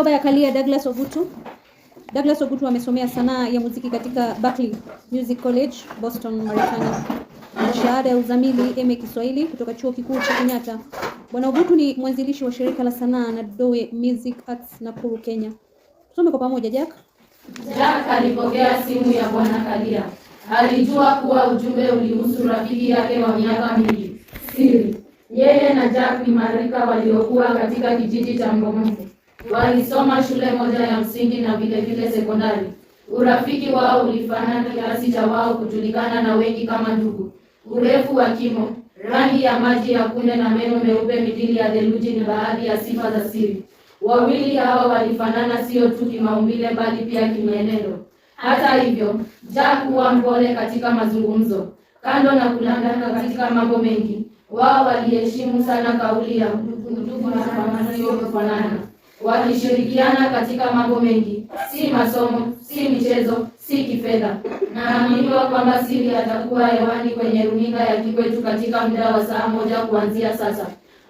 Hotuba ya Kalia Douglas Ogutu. Douglas Ogutu amesomea sanaa ya muziki katika Berklee Music College, Boston, Marekani, na shahada ya uzamili MA Kiswahili kutoka Chuo Kikuu cha Kenyatta. Bwana Ogutu ni mwanzilishi wa shirika la sanaa na Doe Music Arts Nakuru, Kenya. Tusome kwa pamoja Jack. Jack alipokea simu ya Bwana Kalia. Alijua kuwa ujumbe ulihusu rafiki yake wa miaka mingi, siri. Yeye na Jack ni marika waliokuwa katika kijiji cha Mbomozi walisoma shule moja ya msingi na vilevile sekondari. Urafiki wao ulifanana kiasi cha wao kujulikana na wengi kama ndugu. Urefu wa kimo, rangi ya maji ya kunde na meno meupe mithili ya theluji ni baadhi ya sifa za siri. Wawili hawa walifanana sio tu kimaumbile, bali pia kimenendo. Hata hivyo, Jack huwa mpole katika mazungumzo. Kando na kulandana katika mambo mengi, wao waliheshimu sana kauli ya ndugu na sio kufanana wakishirikiana katika mambo mengi, si masomo, si michezo, si kifedha. Naaminiwa kwamba siri atakuwa hewani kwenye runinga ya Kikwetu katika muda wa saa moja kuanzia sasa.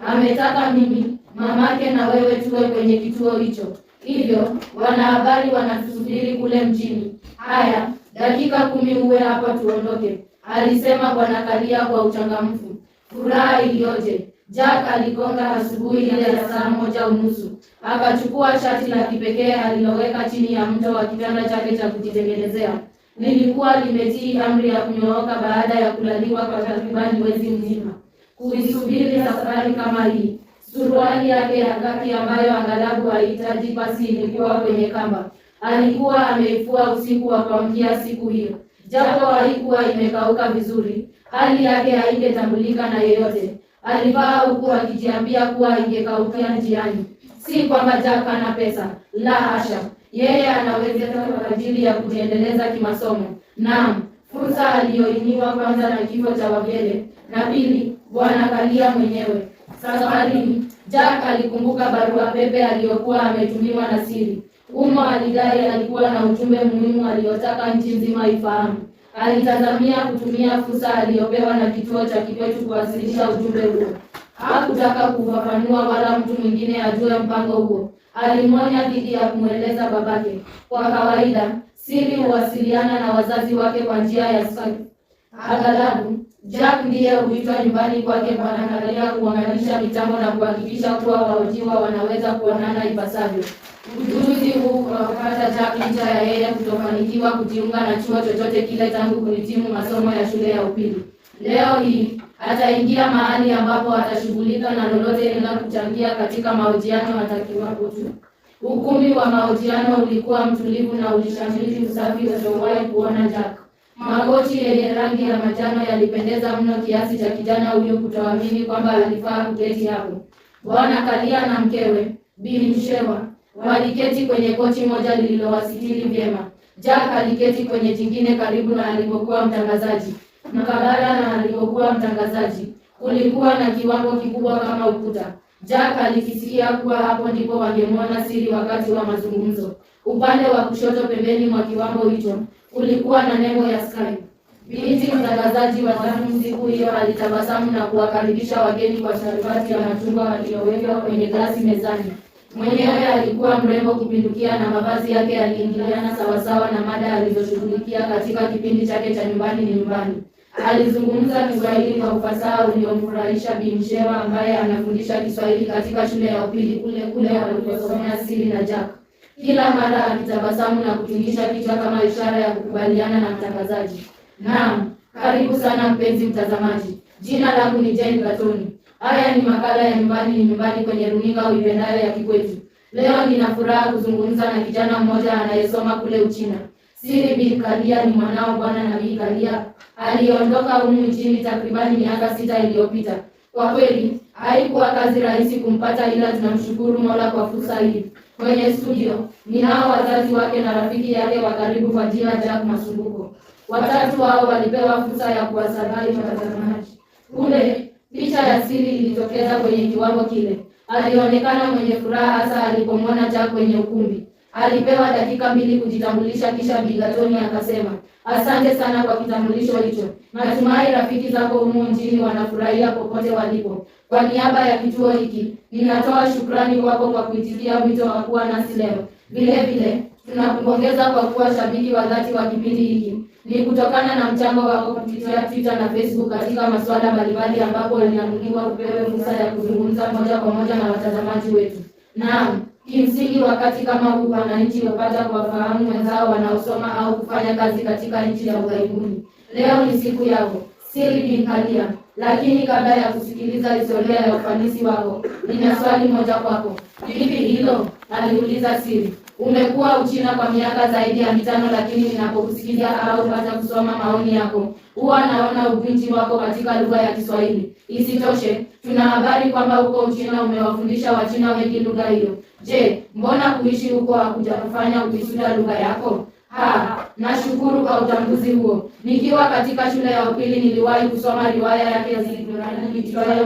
Ametaka mimi mamake na wewe tuwe kwenye kituo hicho, hivyo wanahabari wanatusubiri kule mjini. Haya, dakika kumi uwe hapa tuondoke, alisema Bwana Kalia kwa uchangamfu. Furaha iliyoje! Jack aligonga asubuhi ile ya saa moja unusu, akachukua shati la kipekee aliloweka chini ya mto wa kitanda chake cha kujitengenezea. Lilikuwa limetii amri ya kunyooka baada ya kulaliwa kwa takribani mwezi mzima kuisubiri safari kama hii. Suruali yake ya kaki ambayo angalabu haihitaji pasi ilikuwa kwenye kamba. Alikuwa ameifua usiku wa kuamkia siku hiyo, japo haikuwa imekauka vizuri, hali yake haingetambulika na yeyote. Alivaa huku akijiambia kuwa ingekaukia njiani, si kwamba Jack ana pesa, la hasha. Yeye anawezeka kwa ajili ya kujiendeleza kimasomo. Naam, fursa aliyoiniwa kwanza na kifo cha Wagele na pili Bwana Kalia mwenyewe. Safarini Jack alikumbuka barua pepe aliyokuwa ametumiwa na siri. Umo alidai alikuwa na ujumbe muhimu aliyotaka nchi nzima ifahamu alitazamia kutumia fursa aliyopewa na kituo cha Kipetu kuwasilisha ujumbe huo. Hakutaka kufafanua wala mtu mwingine ajue mpango huo. Alimwonya dhidi ya kumweleza babake. Kwa kawaida, Sili huwasiliana na wazazi wake kwa njia ya Skype. Aghalabu, Jack ndiye huitwa nyumbani kwake kwa nadharia kuunganisha mitambo na kuhakikisha kuwa wahojiwa wanaweza kuonana ipasavyo. Ujuzi huu kupata licha ya yeye kutofanikiwa kujiunga na chuo chochote kile tangu kuhitimu masomo ya shule ya upili. Leo hii ataingia mahali ambapo atashughulika na lolote lina kuchangia katika mahojiano atakiwapo tu. Ukumbi wa mahojiano ulikuwa mtulivu na ulishamiri usafi usiowahi kuona Jack. Makochi yenye rangi ya manjano yalipendeza mno kiasi cha kijana huyo kutoamini kwamba alifaa kuketi hapo. Bwana Kalia na mkewe Bi Mshewa Waliketi kwenye kochi moja lililowasitiri vyema. Jack aliketi kwenye jingine karibu na alipokuwa mtangazaji. Mkabala na alipokuwa mtangazaji, kulikuwa na kiwango kikubwa kama ukuta. Jack alifikiria kuwa hapo ndipo wangemwona siri wakati wa mazungumzo. Upande wa kushoto pembeni mwa kiwango hicho kulikuwa na nembo ya Sky. Binti mtangazaji wa zamu siku hiyo alitabasamu na kuwakaribisha wageni kwa sharubati ya machungwa waliyowekwa kwenye glasi mezani. Mwenyewe alikuwa mrembo kupindukia na mavazi yake yaliingiliana sawasawa na mada alizoshughulikia katika kipindi chake cha Nyumbani ni Nyumbani. Alizungumza Kiswahili kwa ufasaha uliomfurahisha Bi Mshewa ambaye anafundisha Kiswahili katika shule ya upili kule kule waliposomea Sili na Jack, kila mara akitabasamu na kutingisha kichwa kama ishara ya kukubaliana na mtangazaji. Naam, karibu sana mpenzi mtazamaji, jina langu ni Jane Gatoni. Haya ni makala ya Nyumbani ni Nyumbani kwenye runinga uipendayo ya kikwetu Leo nina furaha kuzungumza na kijana mmoja anayesoma kule Uchina. Siri bin Kalia ni mwanao Bwana Nabii Kalia. Aliondoka humu nchini takribani miaka sita iliyopita. Kwa kweli haikuwa kazi rahisi kumpata, ila tunamshukuru Mola kwa fursa hii. Kwenye studio ninao wazazi wake na rafiki yake wa karibu kwa jina Jack Masumbuko. Watatu hao walipewa fursa ya kuwasalimu watazamaji kule Picha ya siri ilitokeza kwenye kiwango kile. Alionekana mwenye furaha hasa alipomwona Jack kwenye ukumbi. Alipewa dakika mbili kujitambulisha, kisha Bigatoni akasema, asante sana kwa kitambulisho hicho, natumai rafiki zako humu nchini wanafurahia popote walipo. Kwa niaba ya kituo hiki ninatoa shukrani kwako kwa kuitikia wito wa kuwa nasi leo. Vile vile tunakupongeza kwa kuwa shabiki wa dhati wa kipindi hiki ni kutokana na mchango wako kupitia Twitter na Facebook katika masuala mbalimbali, ambapo linamuliwa kupewa fursa ya kuzungumza moja kwa moja na watazamaji wetu. Naam, kimsingi wakati kama huu wananchi wapata kuwafahamu wenzao wanaosoma au kufanya kazi katika nchi ya ughaibuni. Leo ni siku yako, siri ni kalia. Lakini kabla ya kusikiliza historia ya ufanisi wako, nina swali moja kwako. Vipi hilo? aliuliza Siri. Umekuwa Uchina kwa miaka zaidi ya mitano, lakini ninapokusikiza au hata kusoma maoni yako huwa naona ubinti wako katika lugha ya Kiswahili. Isitoshe, tuna habari kwamba huko Uchina umewafundisha Wachina wengi lugha hiyo. Je, mbona kuishi huko hakujafanya ukishinda lugha yako? Ha, nashukuru kwa utambuzi huo. Nikiwa katika shule ya upili niliwahi kusoma riwaya yake ya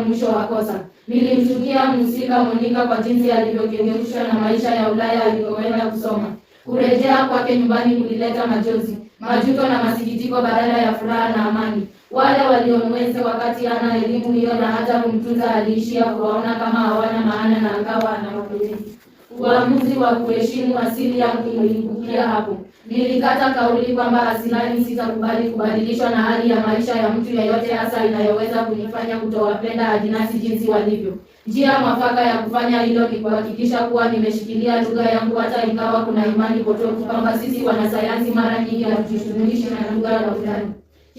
Mwisho wa Kosa. Nilimchukia mhusika Monika kwa jinsi alivyokengeushwa na maisha ya Ulaya alipoenda kusoma. Kurejea kwake nyumbani kulileta majozi majuto na masikitiko badala ya furaha na amani. Wale waliomweza wakati ana elimu hiyo na hata kumtunza aliishia kuwaona kama hawana maana na akawa anawapoteza uamuzi wa kuheshimu asili yangu ulinibukia hapo. Nilikata kauli kwamba asilani sitakubali kubadilishwa na hali ya maisha ya mtu yeyote, hasa inayoweza kunifanya kutowapenda ajinasi jinsi walivyo. Njia mwafaka ya kufanya hilo ni kuhakikisha kuwa nimeshikilia lugha yangu, hata ingawa kuna imani potofu kwamba sisi wanasayansi mara nyingi hatujishughulishi na lugha ya utani.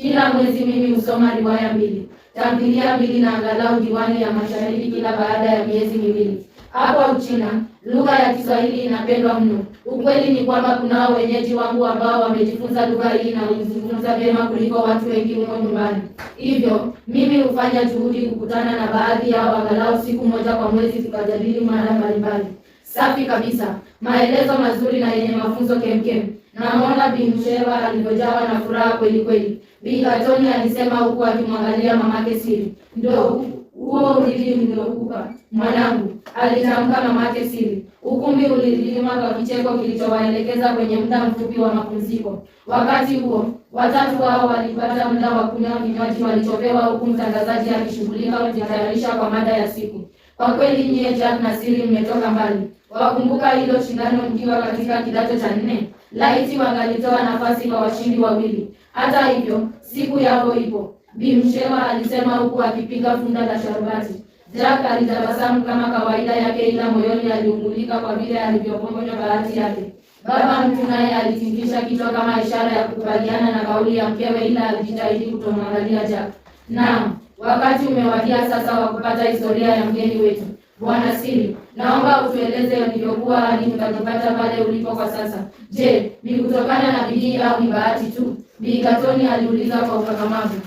Kila mwezi mimi husoma riwaya mbili, tamthilia mbili na angalau diwani ya mashariki kila baada ya miezi miwili hapo Uchina lugha ya Kiswahili inapendwa mno. Ukweli ni kwamba kunao wenyeji wangu ambao wamejifunza lugha hii na kuizungumza vyema kuliko watu wengi humo nyumbani. Hivyo mimi hufanya juhudi kukutana na baadhi yao angalau siku moja kwa mwezi, tukajadili mada mbalimbali. Safi kabisa, maelezo mazuri na yenye mafunzo kemkem. Namwona Bi Msheva alivyojawa na furaha kweli kweli. Bi Katoni alisema huku akimwangalia mamake Siri. Ndio huo ulilii uliokupa mwanangu, alitamka mama siri. Ukumbi ulilima kwa kicheko kilichowaelekeza kwenye muda mfupi wa mapumziko. Wakati huo watatu hao walipata muda wa kunywa kinywaji walichopewa, huku mtangazaji akishughulika kujitayarisha kwa mada ya siku. Kwa kweli nyie Jack na Siri mmetoka mbali. Wakumbuka hilo shindano mkiwa katika kidato cha nne? Laiti wangalitoa nafasi kwa washindi wawili. Hata hivyo siku yao ipo Bi Mshewa alisema huku akipiga funda la sharubati. Jack alitabasamu kama kawaida yake, ila moyoni aliungulika kwa vile alivyopongojwa bahati yake. Baba mtu naye alitingisha kichwa kama ishara ya kukubaliana na kauli ya mkewe, ila alijitahidi kutomwangalia Jack. Naam, wakati umewadia sasa wa kupata historia ya mgeni wetu. Bwana Siri, naomba utueleze ulivyokuwa hadi tukajipata pale ulipo kwa sasa. Je, ni kutokana na bidii au ni bahati tu? Bi Katoni aliuliza kwa ukakamavu.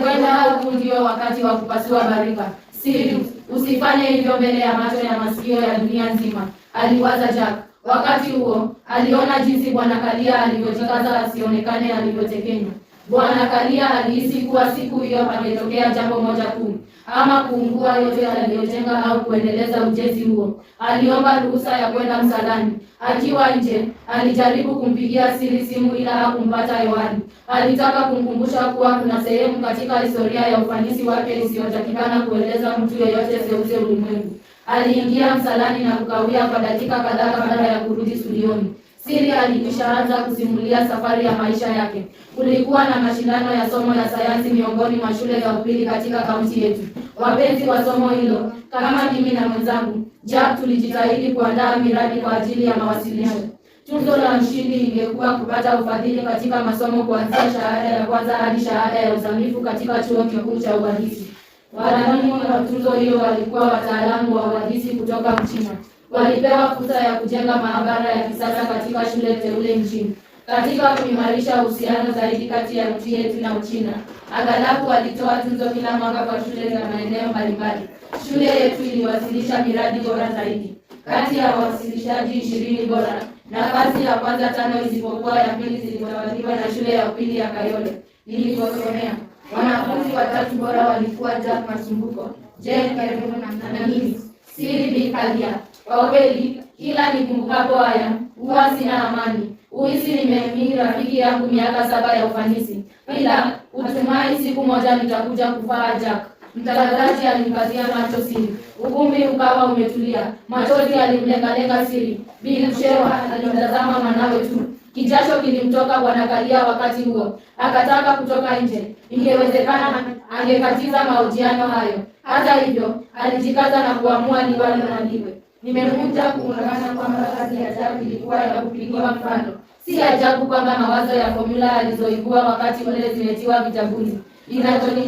Huenda huu ndio wakati wa kupasua barika. Siri, usifanye hivyo mbele ya macho ya masikio ya dunia nzima, aliwaza Jack. Wakati huo aliona jinsi Bwana Kalia alivyojikaza asionekane alivyotekenywa. Bwana Kalia alihisi kuwa siku hiyo pangetokea jambo moja kuu ama kuungua yote aliyojenga au kuendeleza ujenzi huo. Aliomba ruhusa ya kwenda msalani. Akiwa nje, alijaribu kumpigia siri simu ila hakumpata hewani. Alitaka kumkumbusha kuwa kuna sehemu katika historia ya ufanisi wake isiyotakikana kueleza mtu yeyote seuze ulimwengu. Aliingia msalani na kukawia kwa dakika kadhaa baada ya kurudi studioni. Siri alikishaanza kusimulia safari ya maisha yake. Kulikuwa na mashindano ya somo la sayansi miongoni mwa shule za upili katika kaunti yetu. Wapenzi wa somo hilo, kama mimi na mwenzangu Jack, tulijitahidi kuandaa miradi kwa ajili ya mawasiliano. Tuzo la mshindi ingekuwa kupata ufadhili katika masomo kuanzia shahada ya kwanza hadi shahada ya uzamifu katika chuo kikuu cha uhandisi. Wadhamini wa tuzo hiyo walikuwa wataalamu wa uhandisi kutoka Uchina. Walipewa fursa ya kujenga maabara ya kisasa katika shule teule nchini katika kuimarisha uhusiano zaidi kati ya nchi yetu na Uchina. Aghalabu alitoa tuzo kila mwaka kwa shule za maeneo mbalimbali. Shule yetu iliwasilisha miradi bora zaidi kati ya wawasilishaji ishirini bora. Nafasi ya kwanza tano isipokuwa ya pili zilitawaliwa na shule ya upili ya Kayole niliposomea. Wanafunzi watatu bora walikuwa Jack Masumbuko, Jane Karevu na mimi Siri Bikalia. Kwa kweli kila nikumbukapo haya uasi na amani. Uizi nimemhimili rafiki yangu miaka saba ya ufanisi, ila utumai siku moja nitakuja kuvaa Jack. Mtangazaji alimpatia macho siri, ukumbi ukawa umetulia. Machozi alimlengalenga siri. Bi Mshewa alimtazama mwanawe tu, kijasho kilimtoka Bwana wakati huo, akataka kutoka nje, ingewezekana angekatiza mahojiano hayo. Hata hivyo, alijikaza na kuamua liwalo na liwe. Nimekuja kuungana kwamba kazi ya Jabu ilikuwa ya kupigiwa mfano. Si ajabu kwamba mawazo ya fomula alizoibua wakati ule zimetiwa vitabuni.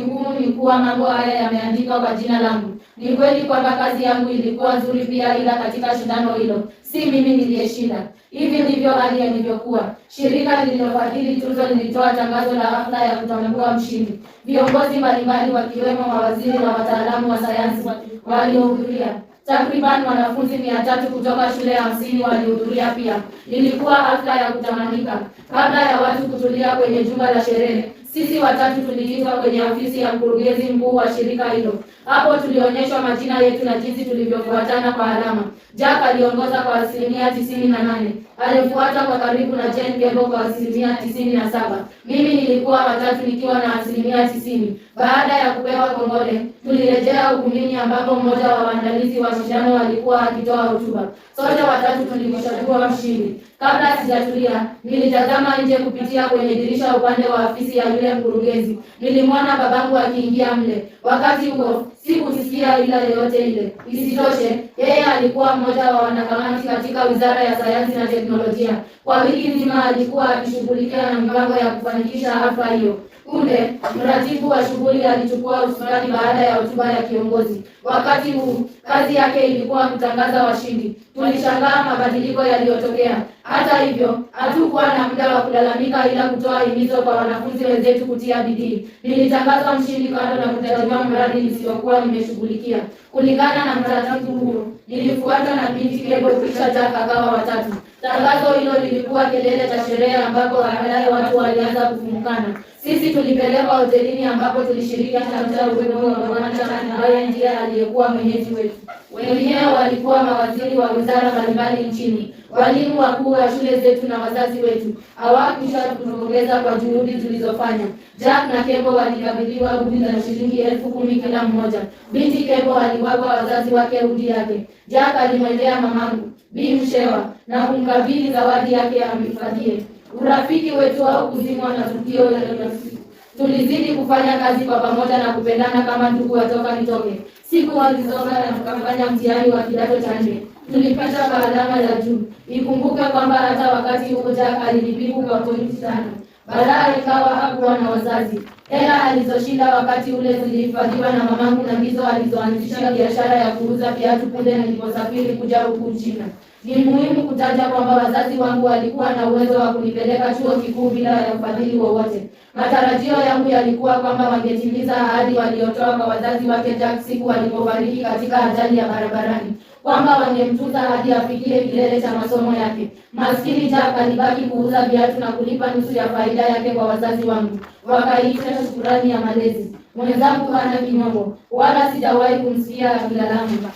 ngumu ni kuwa mambo haya yameandikwa kwa jina langu. Ni kweli kwamba kazi yangu ilikuwa nzuri pia, ila katika shindano hilo si mimi niliyeshinda. Hivi ndivyo hali yalivyokuwa. Shirika lililofadhili tuzo lilitoa tangazo la hafla ya kutambua mshindi. Viongozi mbalimbali wakiwemo mawaziri na wataalamu wa sayansi waliohudhuria. Takriban wanafunzi mia tatu kutoka shule hamsini walihudhuria pia. Ilikuwa hafla ya kutamanika. Kabla ya watu kutulia kwenye jumba la sherehe, sisi watatu tuliitwa kwenye ofisi ya mkurugenzi mkuu wa shirika hilo. Hapo tulionyeshwa majina yetu na jinsi tulivyofuatana kwa alama. Jack aliongoza kwa asilimia tisini na nane. Alifuata kwa karibu na Jane Gebo kwa asilimia tisini na saba. Mimi nilikuwa watatu nikiwa na asilimia tisini. Baada ya kupewa kongole, tulirejea ukumbini ambapo mmoja wa waandalizi wa shindano alikuwa akitoa hotuba. Sote watatu tulimchagua mshindi. Kabla sijatulia, nilitazama nje kupitia kwenye dirisha upande wa afisi ya yule mkurugenzi. Nilimwona babangu akiingia mle. Wakati huo si kusikia ila yoyote ile. Isitoshe, yeye alikuwa mmoja wa wanakamati katika Wizara ya Sayansi na Teknolojia. Kwa wiki nzima alikuwa akishughulikia na mipango ya kufanikisha hafla hiyo kunde mratibu wa shughuli alichukua usukani baada ya hotuba ya kiongozi. Wakati huu kazi yake ilikuwa kutangaza washindi. Tulishangaa mabadiliko yaliyotokea. Hata hivyo, hatukuwa na muda wa kulalamika, ila kutoa himizo kwa wanafunzi wenzetu kutia bidii. Nilitangazwa mshindi kando na kutazama mradi nisiyokuwa nimeshughulikia. Kulingana na mtaratibu huo, nilifuatwa na binti Kebo kisha Jack akawa watatu. Tangazo hilo lilikuwa kelele cha sherehe, ambapo baadaye watu walianza kufumukana. Sisi tulipelekwa hotelini ambapo tulishiriki hata upepo wa Mamata ambaye ndiye aliyekuwa mwenyeji wetu. Wengine walikuwa mawaziri wa wizara mbalimbali nchini, walimu wakuu wa shule zetu na wazazi wetu. hawakuisha kutupongeza kwa juhudi tulizofanya. Jack na Kebo walikabidhiwa rudi za shilingi elfu kumi kila mmoja. Binti Kebo aliwapa wazazi wake rudi yake. Jack alimwendea mamangu Bi Mshewa na kumkabidhi zawadi yake amhifadhie urafiki wetu au kuzimwa na tukio la unafiki. Tulizidi kufanya kazi kwa pamoja na kupendana kama ndugu watoka nitoke. Siku walizoga na tukafanya mtihani wa kidato cha nne, tulipata kwa alama juu. Ikumbuke kwamba hata wakati umoja alilipiku kwa pointi tano. Baadaye ikawa hakuwa na wazazi. Hela alizoshinda wakati ule zilihifadhiwa na mamangu, na ndizo alizoanzisha biashara ya kuuza viatu punde niliposafiri kuja huku China. Ni muhimu kutaja kwamba wazazi wangu walikuwa na uwezo wa kunipeleka chuo kikuu bila ya ufadhili wowote. Matarajio yangu yalikuwa kwamba wangetimiza ahadi waliotoa kwa wazazi wake Jack siku walipofariki katika ajali ya barabarani kwamba wangemtuza hadi afikie kilele cha masomo yake. Maskini Jack alibaki kuuza viatu na kulipa nusu ya faida yake kwa wazazi wangu, wakaiita shukurani ya malezi. Mwenzangu hana kinyongo, wala sijawahi kumsikia akilalamika.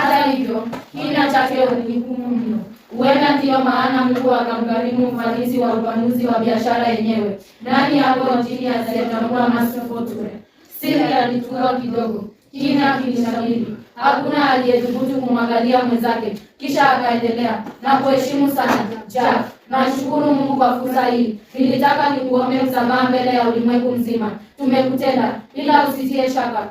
Hata hivyo, kina chake ni mno. Huenda ndiyo maana Mungu akamkarimu ufanisi wa upanuzi wa biashara yenyewe. Nani hapo nchini asiyetambua Master Fortune? Sili alituka kidogo kina kilishamiri. Hakuna aliyethubutu kumwangalia mwenzake. Kisha akaendelea na kuheshimu sana Jack, nashukuru Mungu kwa fursa hii. Nilitaka nikuombe msamaha mbele ya ulimwengu mzima. Tumekutenda, ila usitie shaka,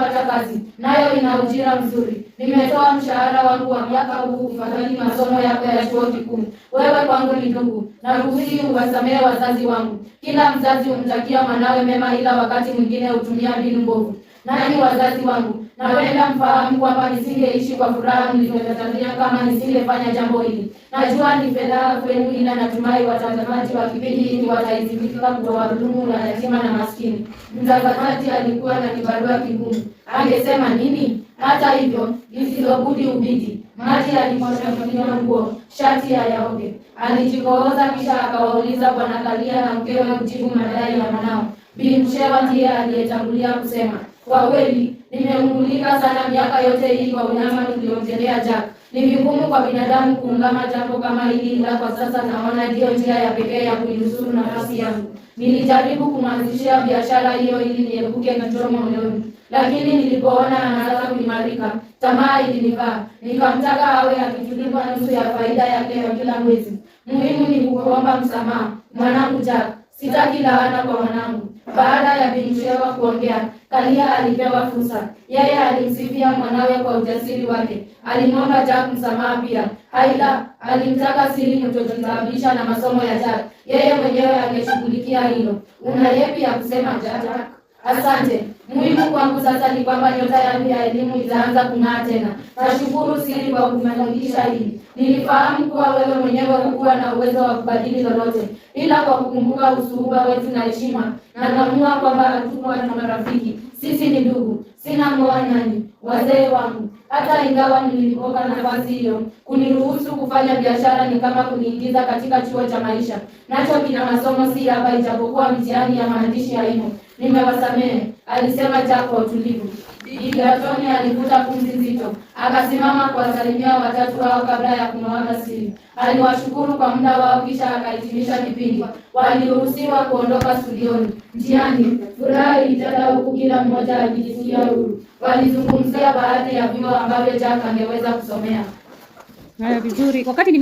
pata kazi nayo ina ujira mzuri. Nimetoa mshahara wangu wa miaka huu kufadhili masomo yako ya chuo kikuu. Wewe kwangu ni ndugu, ruhusi uwasamehe wazazi wangu. Kila mzazi humtakia mwanawe mema, ila wakati mwingine hutumia mbinu mbovu nani wazazi wangu, napenda mfahamu kwamba nisingeishi kwa furaha mlizotazamia kama nisingefanya jambo hili. Najua ni fedhaa kwenu, ila natumai watazamaji wa kipindi hiki wataizimika kuwahudumu na yatima na maskini. Mtazamaji alikuwa na kibarua kigumu, angesema nini? Hata hivyo isizobudi ubidi maji alipotamania nguo shati ya yaoge Alijikooza kisha akawauliza Bwana Kalia na mkewe kujibu madai ya mwanao. Bi Mshewa ndiye aliyetangulia kusema kwa kweli nimeungulika sana miaka yote hii kwa unyama tuliomtendea Jack. Ni vigumu kwa binadamu kuungama jambo kama hili, ila kwa sasa naona ndiyo njia ya pekee ya kuinusuru nafasi yangu. Nilijaribu kumwanzishia biashara hiyo ili niepuke kichomo moyoni, lakini nilipoona anaanza kuimarika, tamaa ilinivaa. Nikamtaka awe akitulipa nusu ya faida yake ya kila mwezi. Muhimu ni kukuomba msamaha, mwanangu Jack. Sitaki laana kwa mwanangu baada ya binti kuongea, Kalia alipewa fursa. Yeye alimsifia mwanawe kwa ujasiri wake, alimwomba Jack msamaha pia. Haila alimtaka siri kutojitaabisha na masomo ya Jack, yeye mwenyewe angeshughulikia hilo. Una yepi ya kusema Jack? Asante. Muhimu kwangu sasa ni kwamba nyota yangu ya elimu itaanza kung'aa tena. Nashukuru siri kwa kumanikisha hili. Nilifahamu kuwa wewe mwenyewe hukuwa na uwezo wa kubadili lolote, ila kwa kukumbuka usuhuba wetu na heshima, na kwamba hatukuwa na marafiki, sisi ni ndugu. Sina mmoa nani wazee wangu, hata ingawa nilipoka nafasi hiyo. Kuniruhusu kufanya biashara ni kama kuniingiza katika chuo cha maisha, nacho kina masomo si haba, ijapokuwa mtihani ya maandishi haimo nimewasamehe, alisema Jack kwa utulivu. Gigatoni alivuta pumzi nzito, akasimama kuwasalimia watatu hao kabla ya kumwaga siri. Aliwashukuru kwa muda wao, kisha akahitimisha kipindi. Waliruhusiwa kuondoka studioni. Njiani furaha ilitanda, huku kila mmoja akijisikia huru. Walizungumzia baadhi ya vyuo ambavyo Jack angeweza kusomea. Haya, vizuri wakati